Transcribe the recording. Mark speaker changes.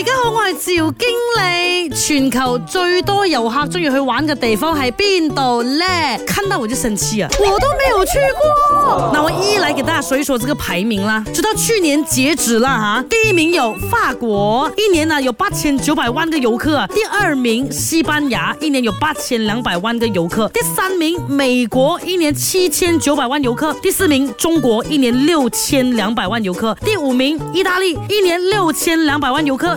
Speaker 1: 大家好，我係趙經理。全球最多遊客中意去玩嘅地方係邊度？看到我就生似啊，我都沒有去過。哦、那我一來，給大家說一說這個排名啦。直到去年截止啦，哈！第一名有法國，一年呢、啊、有八千九百萬個遊客。第二名西班牙，一年有八千兩百萬個遊客。第三名美國，一年七千九百萬遊客。第四名中國，一年六千兩百萬遊客。第五名意大利，一年六千兩百萬遊客。